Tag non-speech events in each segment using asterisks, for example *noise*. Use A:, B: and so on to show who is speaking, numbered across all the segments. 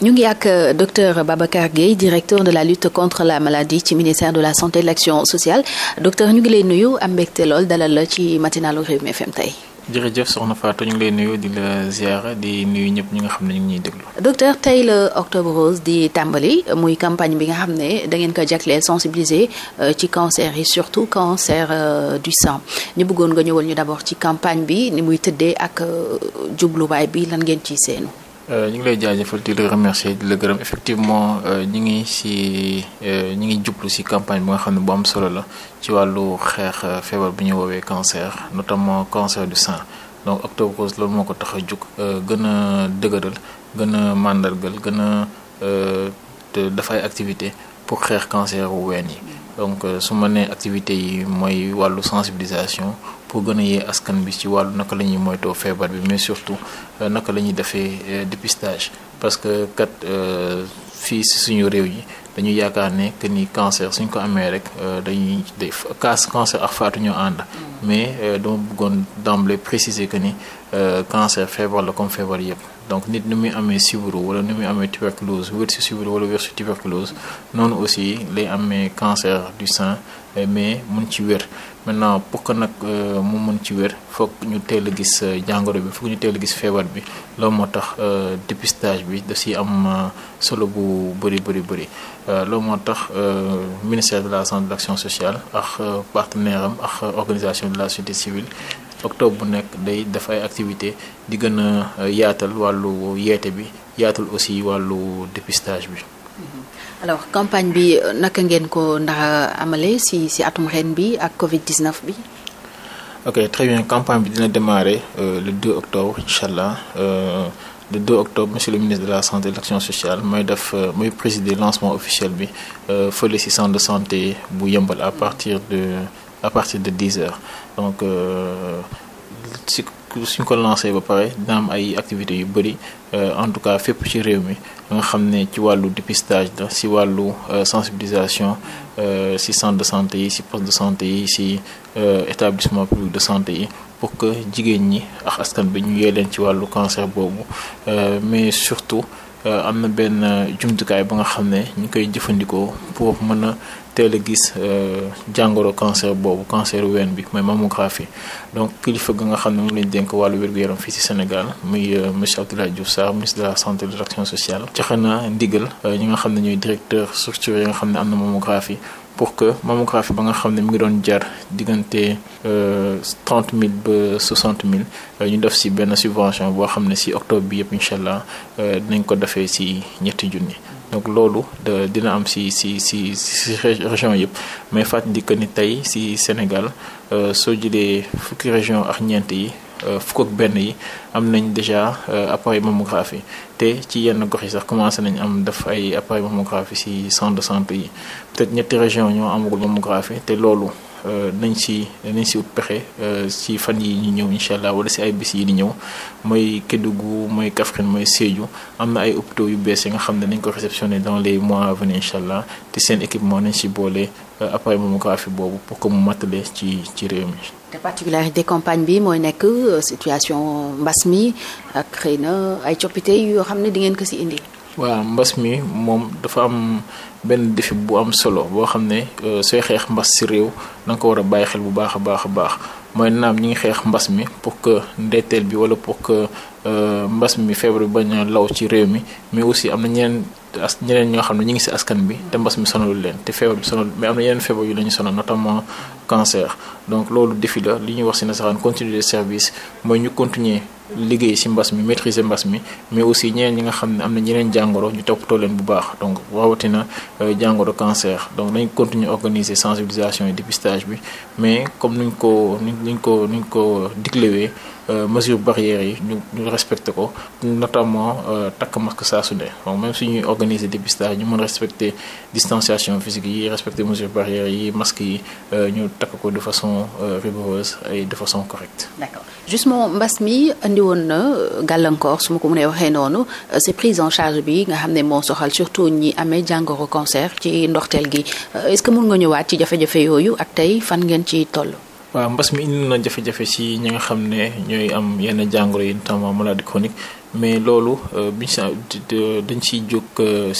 A: ñu ngi ak euh, docteur Babacar Gueye directeur de la lutte contre la maladie ci ministère de la santé et de l'action sociale docteur ñu ngi lay nuyu am mbégte lool dalal la ci matinalu Rewmi FM tey.
B: jërëjëf soxna Fatou ñu ngi lay nuyu di la ziara di nuyu ñëpp ñu nga xam ne ñu ngi ñuy déglu.
A: docteur tey la octobre rose di tàmbali muy campagne bi nga xam ne da ngeen ko jagleel sensibiliser euh, ci cancer yi surtout cancer euh, du sang ñu bëggoon nga ñëwal ñu d'abord ci campagne bi ni muy tëddee ak jubluwaay bi lan ngeen ciy seenu.
B: Euh, ñu ngi lay jaajëfal di remercier di la gërëm effectivement euh, ñu ngi si euh, ñu ngi jublu si campagne bu nga xam ne bu am solo la ci wàllu xeex feebar bi ñu woowee cancer notamment cancer du sein donc Octobre Rose loolu moo ko tax a jóg gën a dëgëral gën a màndargal gën a dafay activité pour xeex cancer wu ween yi donc su ma nee activités yi mooy wàllu sensibilisation pour gën a yee askan bi ci wàllu naka la ñuy moytoo feebar bi mais surtout euh, naka la ñuy defee euh, dépistage parce que kat euh, fii si suñu réew yi dañu yaakaar ne que ni cancer suñ ko amee rek dañuy def cas cancer ak faatu ñoo ànd mais dama bëggoon d'emblée préciser que ni cancer feebar la comme feebar yëpp donc nit ni muy amee sibiru wala ni muy amee tuberculose wér si sibiru wala wér si tuberculose noonu aussi lay amee cancer du sein mais mun ci wér maintenant pour que nag euh, mu mën ci wér foog ñu teel a gis euh, jàngoro bi foog ñu teel a gis feebar bi loo moo tax euh, dépistage bi da si am solo bu bëri bëri bëri loolu moo tax ministère de la santé de l'action sociale ak partenaire am ak organisation de la société civile octobre bu nekk day dafay activité di gën a yaatal wàllu yeete bi yaatal aussi wàllu dépistage bi
A: alors campagne bi euh, naka ngeen ko ndax amale si si atum ren bi ak Covid 19 bi.
B: ok très bien campagne bi dina démarrer euh, le 2 octobre incha allah euh, le 2 octobre monsieur le ministre de la santé et de l'action sociale mooy def euh, mooy présider lancement officiel bi euh, fële ci cent de santé bu yëmbal à partir de à partir de 10 heures donc. suñ ko lancé ba pare dina am ay activités yu bëri euh, en tout cas fépp ci réew mi nga xam ne ci wàllu dépistage la si wàllu euh, sensibilisation euh, si cent de santé yi si poste de santé yi si établissement public de santé yi pour que jigéen ñi ak askan bi ñu yee leen ci wàllu cancer boobu mais surtout Euh, am na benn euh, jumtukaay ba nga xam ne ñu koy jëfandikoo pour mën a teel a gis euh, jàngoro cancer boobu cancer ween bi mooy mammographie donc kilifa ga nga xam ne moom lañ dénk wàllu wér-gu-yaram fii ci Sénégal muy monsieur Abdoulaye Diouf Sarr ministre de la santé et de l'action sociale joxe na ndigal ñi nga xam ne ñooy directeur structure yi nga xam ne am na mammographie pour que mammographie ba nga xam ne mu ngi doon jar diggante euh, trente mille ba soixante mille euh, ñu def si benn subvention boo xam ne si octobre bi yëpp incha allah euh, dinañ ko defee si ñetti junni. donc loolu dina am si si si si région yëpp mais fàttali que ni tey si Sénégal soo jëlee fukki région ak ñeent yi. Euh, fokk ak benn yi am nañ déjà euh, appareil mammographie te ci yenn gox yi sax commencé nañ am def ay appareil mammographie si centre de santé yi peut ñetti région ñoo amagul mammographie te loolu euh, nañ si nañ si pexe ci fan yi ñu ñëw incha allah wala si ay bis yi di ñëw mooy Kédougou mooy Kaffrine mooy Sédhiou am na ay hôpitaux yu bees yi nga xam ne nañ ko réceptionné dans les mois à venir incha allah te seen équipement nañ si boole. Euh, après mammographie boobu pour que mu matale ci ci réew mi.
A: te particularité campagne bi mooy nekk euh, situation mbas mi ak xëy na ay coppite yoo xam ne di ngeen ko si indi.
B: waa mbas mi moom dafa am benn défi bu am solo boo xam ne euh, sooy xeex mbas si réew da nga ko war a bàyyi xel bu baax a baax a baax mooy naam ñi ngi xeex mbas mi pour que ndetteel bi wala pour que mbas mi feebar bi bañ a law ci réew mi mais aussi am na ñeneen as ñeneen ñoo xam ne ñu ngi si askan bi te mbas mi sonalul leen te feebar bi sonalul mais am na yeneen feebar yu la sonal notamment cancer donc loolu défi la li ñuy wax si nasaraan continuer de service mooy ñu continuer liggéey si mbas mi maîtriser mbas mi mais aussi ñeneen ñi nga xam ne am na ñeneen jàngoro ñu toppatoo leen bu baax donc rawatina euh, jàngoro cancer donc nañ continuer organiser sensibilisation et dépistage bi mais comme nuñ ko nuñ ko nuñ ko diglewee euh, mesures barrières yi ñu ñu respecté ko notamment euh, takk masque saa su ne donc même suñuy organiser dépistage ñu mën respecter distanciation takk ko de façon euh, rigoureuse et de façon correcte.
A: justement mbas mi andi woon na euh, gàllankoor su ma ko mënee waxee noonu euh, c'est prise en charge bi nga xam ne moo soxal surtout ñi amee jàngoro cancer ci ndorteel gi est-ce que mën nga ñëwaat ci jafe-jafe yooyu ak tey fan ngeen ci toll.
B: waaw mbas mi indi na jafe-jafe ci ñi nga xam ne ñooy am yenn jàngoro yi notamment maladie chronique mais loolu biñ si dañ siy jóg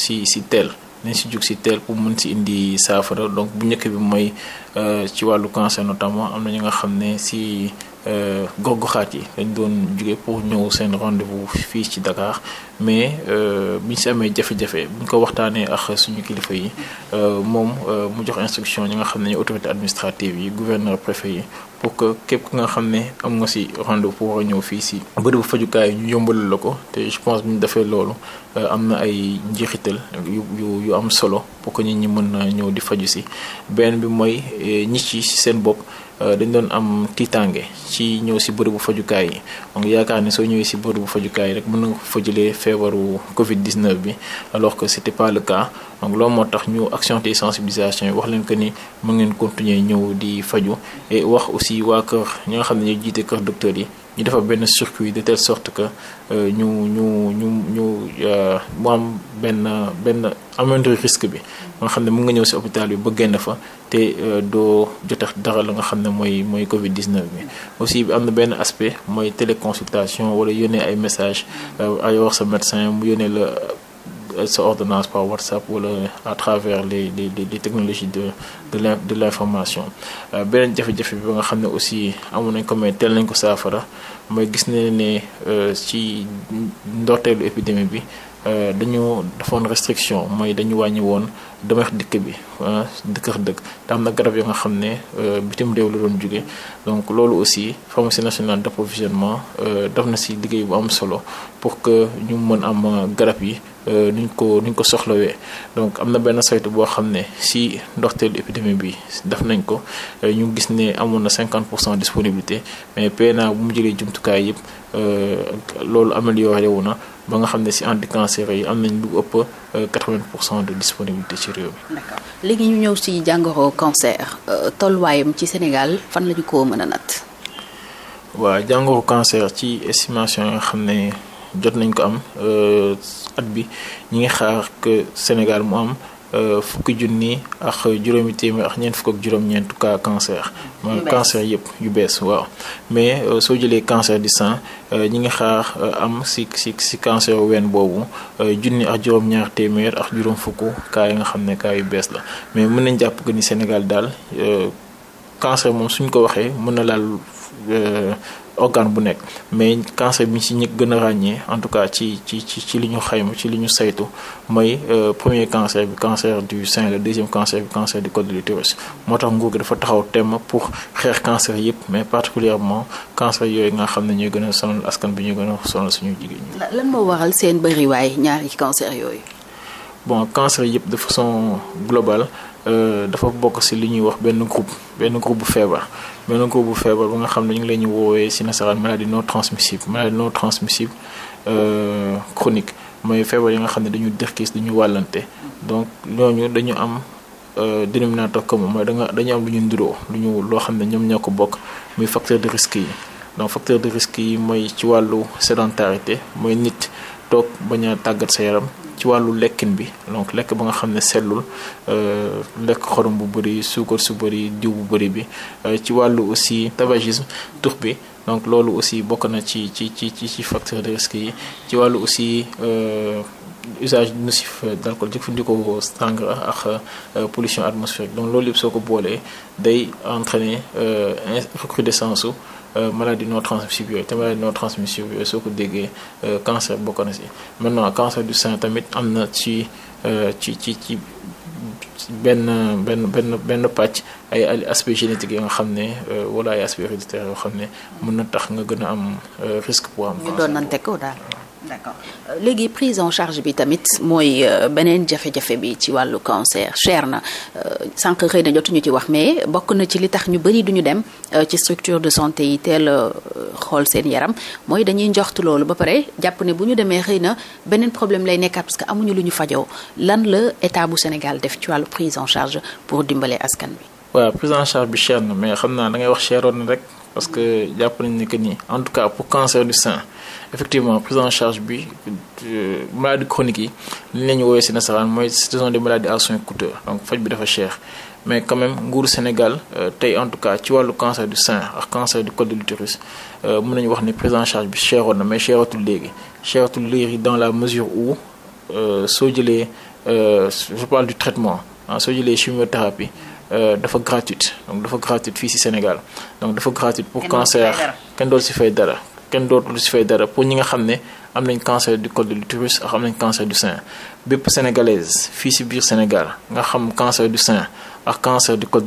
B: si si teel. nañ si jug si teel pour mën si indi saafara donc bu njëkk bi mooy euh, ci wàllu cancer notamment am na ñu nga xam ne si euh, goggu xaat yi dañ doon jóge pour ñëw seen rendez-vous fii ci dakaar mais euh, biñ si amee jafe-jafe buñ ko waxtaanee ak suñu kilifa yi moom mu jox instruction ñi nga xam ne autorité administrative yi gouverneur préfet yi pour que képp ku nga xam ne am nga si rendez-vous a ñëw fii si bërëbu fajukaay ñu yombalu la ko te je pense bu ñu defee loolu euh, am na ay njeexital yu yu yu am solo pour que nit ñi mën na ñëw di faju si benn bi mooy euh, ñi ci seen bopp. Euh, dañ doon am tiitaange ci ñëw si bërëbu fajukaay yi donc yaakaar ne soo ñëwee si bërëbu fajukaay rek mën nga ko fa jëlee feebaru Covid 19 bi alors que c'était pas le cas donc loolu moo tax ñu action sensibilisation yi wax leen que ni mën ngeen continuer ñëw di faju wax aussi waa kër ña nga xam ne ñuy jiite kër docteur yi. ñu defar benn circuit de telle sorte que euh, ñu ñu ñu ñu euh, mu am benn benn amoindre risque bi ba nga xam ne mun nga ñëw si hôpital bi ba génn fa te euh, doo jotax dara la nga xam ne mooy mooy Covid 19 bi. aussi am na benn aspect mooy téléconsultation wala yónnee ay message ay wax sa médecin mu yónnee la. Euh, sa ordonnance par WhatsApp wala à travers les les les technologies de de de l' information euh, beneen jafe-jafe bi nga xam ne aussi amoon nañ ko mais teel nañ ko saafara mooy gis nañ ne euh, ci ndorteelu épidémie bi dañu defoon restriction mooy dañu wàññi woon dama dikk bi dëkk ak dëkk te am na garab yoo nga xam ne bitim réew la doon jóge donc loolu aussi pharmacie nationale d' approvisionnement def na si liggéey bu am solo pour que ñu mën am garab yi. Euh, niñ ko niñ ko soxlawee donc am na benn saytu boo xam ne si ndoxteelu épidémie bi def nañ ko euh, ñu gis ne amoon na cinquante pour cent disponibilité mais PNA bu mu jëlee jumtukaay yëpp euh, loolu amélioré wu na ba nga xam ne si anticancéreux yi am nañ lu ëpp 80 pour cent de disponibilité ci réew
A: mi. d'accord léegi ñu ñëw si jàngoro cancer tolluwaayam ci Sénégal fan la ko mën a nat.
B: waaw jàngoro cancer ci estimation nga xam ne. jot nañ ko am euh, at bi ñi ngi xaar que Sénégal mu am euh, fukki junni ak juróomi téeméer ak ñeent fukk ak juróom-ñeent cas cancer. ma cancer yëpp yu bees waaw. mais euh, soo jëlee cancer du sang ñi ngi xaar am si si si cancer ween boobu junni ak juróom-ñaar téeméer ak juróom fukk cas yi nga xam ne yu bees la mais mën nañ jàpp que ni Sénégal daal cancer moom suñ ko waxee mën na laal. organe bu nekk mais cancer bi ñu si ñëkk gën a ràññee en tout cas ci ci ci ci li ñu xayma ci li ñu saytu mooy euh, premier cancer bi cancer du sein le deuxième cancer bi cancer du col de l'utérus moo tax nguur gi dafa taxaw temm pour xeex cancer yëpp mais particulièrement cancer yooyu nga xam ne ñooy gën a sonal askan bi ñu gën a sonal suñu jigéen ñi. lan moo waral seen bëriwaay ñaari cancer yooyu. bon cancer yëpp de façon globale. Euh, dafa bokk si li ñuy wax benn groupe benn groupe bu feebar benn groupe bu feebar ba nga xam ne ñu ngi leen ñu woowee si nasaraan maladie non transmissible maladie non transmissible euh, chronique mooy feebar yi nga xam ne dañu dëxkiis dañu wàllante donc ñooñu dañu am euh, dénominateur commun mooy da nga dañu am lu ñu nduróo lu ñu loo xam ne ñoom ñoo ko bokk muy facteur de risque yi donc facteur de risque yi mooy ci wàllu sédentarité mooy nit toog bañaa tàggat sa yaram ci wàllu lekkin bi donc lekk ba nga xam ne sellul euh, lekk xorom bu bëri suukar su bëri diw bu bëri bi euh, ci wàllu aussi tabagisme tux bi donc loolu aussi bokk na ci ci ci ci facteur de risque yi ci wàllu aussi euh, usage nocif d'alcool jëfandikoo sangara ak pollution atmosphérique donc loolu yëpp soo ko boolee day entraîner recrudescence Euh, maladie non transmissible yooyu te maladie non transmissible yooyu soo ko déggee euh, cancer bokk na si maintenant cancer du sein tamit am na ci euh, ci ci ci benn benn benn benn pàcc ay ay aspects génétiques yi nga xam ne wala ay aspects héréditaires yoo xam ne mun na tax nga gën a am risque pour am. ñu doon nante
A: ko d'accord euh, léegi prise en charge bi tamit mooy euh, beneen jafe-jafe bi ci wàllu cancer chair na euh, sànq xëy na jotuñu ci wax mais bokk na ci li tax ñu bëri duñu dem ci structure de santé yi teel xool seen yaram mooy dañuy njoxtu loolu ba pare jàpp ne bu ñu demee xëy na beneen problème lay nekkaat parce que amuñu lu ñu fajoo lan la état bu Sénégal def ci wàllu prise en charge pour dimbale askan bi.
B: waaw prise en charge bi cher na mais xam naa da wax cheroon rek. parce que jàpp nañ ne que ni en tout cas pour cancer du sein effectivement prise en charge bi euh, maladie chronique yi li la ñu woowee si nasaraan mooy ce de des maladies à soins donc faj bi dafa cher mais quand même nguuru Sénégal euh, tey en tout cas ci wàllu cancer du sein ak cancer du col de l'utérus euh, mën nañu wax ni prise en charge bi cheroon na mais cheratul léegi cheratul léegi dans la mesure où soo jëlee je parle du traitement ah soo jëlee chimiothérapie Euh, dafa gratuite donc dafa gratuite fii si Sénégal donc dafa gratuite pour cancer kenn dootu ci fay dara kenn dootu ci fay dara pour ñi nga xam ne am nañ cancer du col am nañ cancer du sein bépp sénégalaise fii ci biir Sénégal nga xam cancer du sein ak cancer du col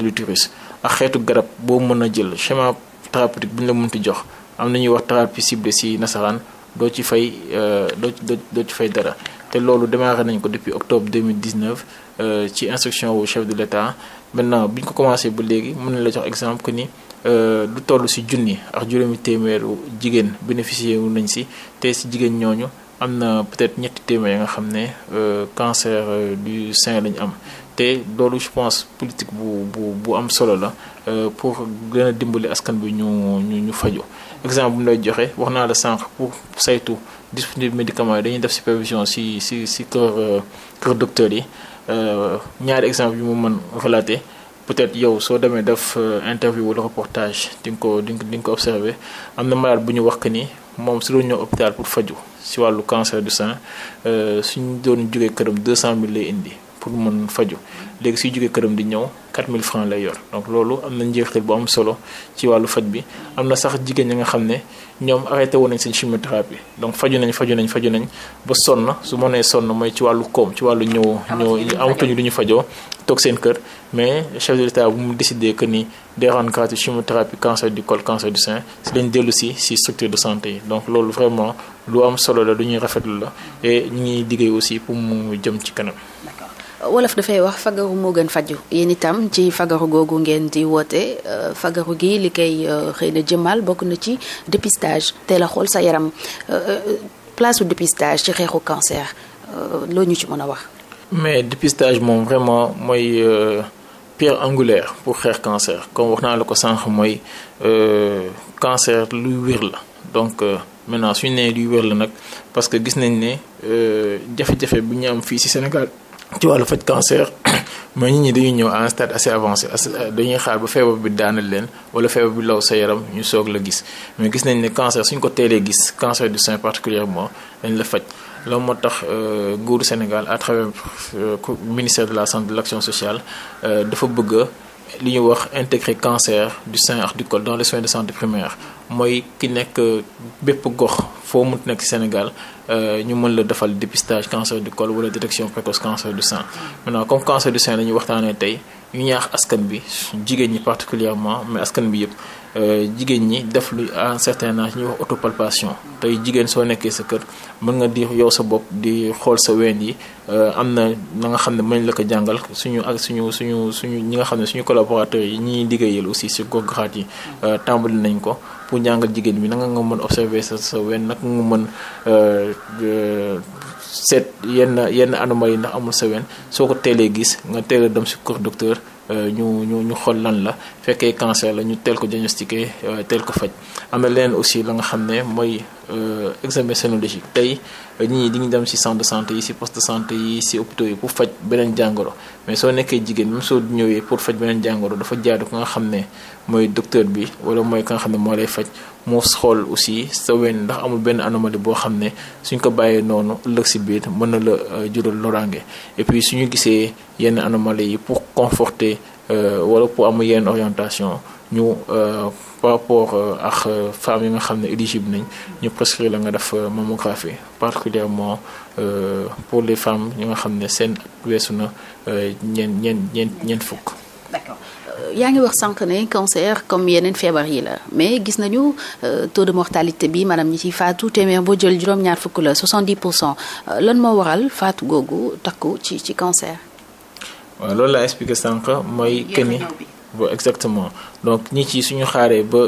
B: xeetu garab boo mën a jël schéma thérapeutique bi ñu la mun mënti jox am na ñuy wax thérapie ciblée si nasaraan doo ci fay euh, doo doo ci fay dara te loolu démarré nañ ko depuis octobre 2019 euh, ci instruction wu chef de l'État maintenant bi ñu ko commencé ba léegi mën na la jox exemple que ni euh, lu toll ci junni ak juróomi téeméeru jigéen bénéficier wu nañ si te ci jigéen ñooñu am na peut-être ñetti téeméer ya nga xam ne euh, cancer du sein lañu am te loolu je pense politique bu bu bu am solo la pour gën a dimbali askan bi ñu ñu ñu faju exemple bu ñu lay joxe wax naa la sànq pour saytu. disponible médicament yi dañuy def supervision ci ci ci kër euh, kër docteur yi euh, ñaari exemple yu mu mën relater peut-être yow soo demee def euh, interview wala reportage di nga ko di nga ko observer am na malade bu ñu wax que ni moom su doon ñëw hôpital pour faju ci wàllu cancer du sein suñu doon jógee këram 200000 mille indi. pour mun faju léegi suy jógee këram di ñëw 4000 francs lay yor donc loolu am na njeexital bu am solo ci wàllu faj bi am na sax jigéen ñi nga xam ne ñoom arrêté woon nañ seen chimiothérapie donc faju nañ faju nañ faju nañ ba sonn su ma nee sonn mooy ci wàllu koom ci wàllu ñëw ñëw amatuñu lu ñu fajoo toog seen kër mais chef de l'État bu mu décidé que ni day rendre gratuit chimiothérapie cancer du col cancer du sein si lañ dellu si si structure de yi donc loolu vraiment lu am solo la lu ñuy rafetlu la et ñu ngi liggéey aussi pour ci kanam
A: wolof dafay wax fagaru moo gën faju yéen itam ci fagaru googu ngeen di woote euh, fagaru gi li koy euh, xëy na jëmal bokk na ci dépistage teel a xool sa yaram euh, place su dépistage ci xeexu cancer loo ñu ci mën a wax.
B: mais dépistage moom vraiment mooy pierre angulaire pour xeex cancer comme wax naa la ko sànq mooy cancer luy wér la donc. maintenant suñu nee luy wér la nag parce que gis nañ ne jafe-jafe bu ñu fii ci Sénégal ci wàllu faj cancer *clears throat* mooy nit ñi dañuy ñëw à un stade assez avancé euh, dañuy xaar ba feebar bi daanal leen wala feebar bi law sa yaram ñu soog la gis mais gis nañ ne cancer suñ ko teelee gis cancer du sein particulièrement dañ la faj loo moo tax euh, nguuru Sénégal à travers euh, ministère de la santé de l'action sociale dafa bëgg li ñuy wax intégrer cancer du sein ak du col dans les soins de santé primaire mooy ki nekk bépp gox foo mën nekk Sénégal euh, ñu mën la defal dépistage cancer du col wala détection précoce cancer du sein maintenant comme cancer du sein la waxtaanee tey ñu ñaax askan bi jigéen ñi particulièrement mais askan bi yëpp Euh, jigéen ñi def lu à un certain âge ñuy wax tey jigéen soo nekkee sa kër mën nga di yow sa bopp di xool sa ween yi euh, am na na nga xam ne mën la ko jàngal suñu ak suñu suñu suñu ñi nga xam ne suñu collaborateurs yi ñi liggéeyal aussi si gox goxaat yi euh, tàmbali nañ ko pour jàngal jigéen bi naka nga mën observer sa sa ween naka nga mën seet yenn yenn anomalie yi ndax amul sa ween soo ko teelee gis nga teel a dem si kër docteur euh, ñu ñu ñu xool lan la fekkee cancer la ñu teel ko diagnostiqué euh, teel ko faj am na leen aussi la nga xam ne mooy euh, examen sénologique tey nit di ñu dem si centre de santé yi si poste de santé yi si hôpitaux yi pour faj beneen jàngoro mais soo nekkee jigéen même soo ñëwee pour faj beneen jàngoro dafa jaar ko nga xam ne mooy docteur bi wala mooy ka nga xam ne mooy lay faj moo xool aussi sa weñ ndax amul benn anomalie boo xam ne suñ ko bàyyee noonu ëllëg si biir mën na la euh, jural loraange et puis suñu gisee yenn anomalie yi pour conforter euh, wala pour am yenn orientation ñu euh, par rapport ak femmes yi nga xam ne éligible nañ ñu prescrire la nga def mammographie particulièrement pour les femmes ñi nga xam ne seen weesu na ñeent ñeent ñeent ñeent fukk Euh,
A: yaa ngi wax sànq ne cancer comme yeneen feebar yi la mais gis nañu euh, taux de mortalité bi maanaam ñi ciy faatu téeméer boo jël juróom-ñaar fukk la 70 pour euh, lan moo waral faatu googu takku
B: ci ci cancer. waaw loolu laa expliqué sànq mooy. këni ba exactement donc ñi ci suñu xaaree ba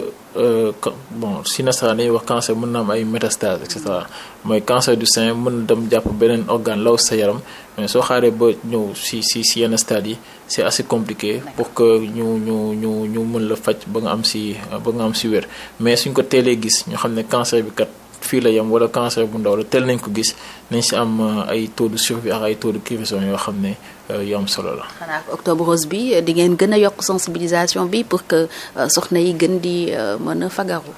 B: bon si nasaraan dañuy wax cancer mën na am ay métastase et cetera mooy cancer du sein mën na dem jàpp beneen organe law sa yaram mais soo xaaree ba ñëw si si si yenn stade yi. c'est assez compliqué pour que ñu ñu ñu ñu mën la faj ba nga am si ba nga am si wér mais suñ ko teelee gis ñu xam ne cancer bi kat fii la yem wala cancer bu ndaw la teel nañ ko gis nañ si am euh, ay taux de ak ay taux de yoo xam ne euh, yu am solo la.
A: xanaa octobre rose bi di ngeen gën a yokk sensibilisation bi pour que euh, soxna yi gën di mën a fagaru.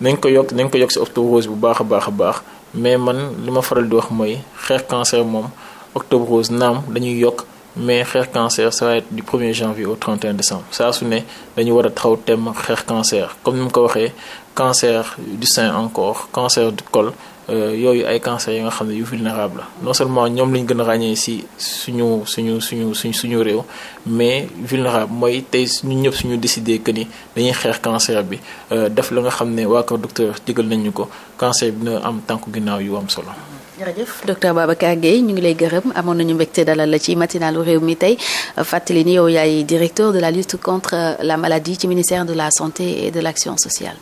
B: nañ ko yokk nañ ko yokk si octobre bu baax a baax a baax mais man li ma faral di wax mooy xeex cancer moom octobre naam dañuy yokk. mais xeex cancer ça va être du 1er janvier au 31 décembre saa su ne dañu war a taxaw thème xeex cancer comme ni mu ko waxee cancer du sein encore cancer du col euh, yooyu ay cancer yi nga xam ne yu vulnérable la non seulement ñoom lañu gën a ràññee si suñu suñu suñu suñu suñu réew mais vulnérable mooy tey ñu ñëpp suñu décidé que ni dañuy xeex cancer bi euh, def la nga xam ne waa ko docteur digal nañu ko cancer bi nu am tànku ginnaaw yu am solo
A: jërëjëf docteur Babacar Gueye ñu ngi lay gërëm amoon nañu mbégte dalal la ci matinalu réew mi tey fàttali ni yow yaay directeur de la lutte contre la maladie ci ministère de la santé et de l'action sociale.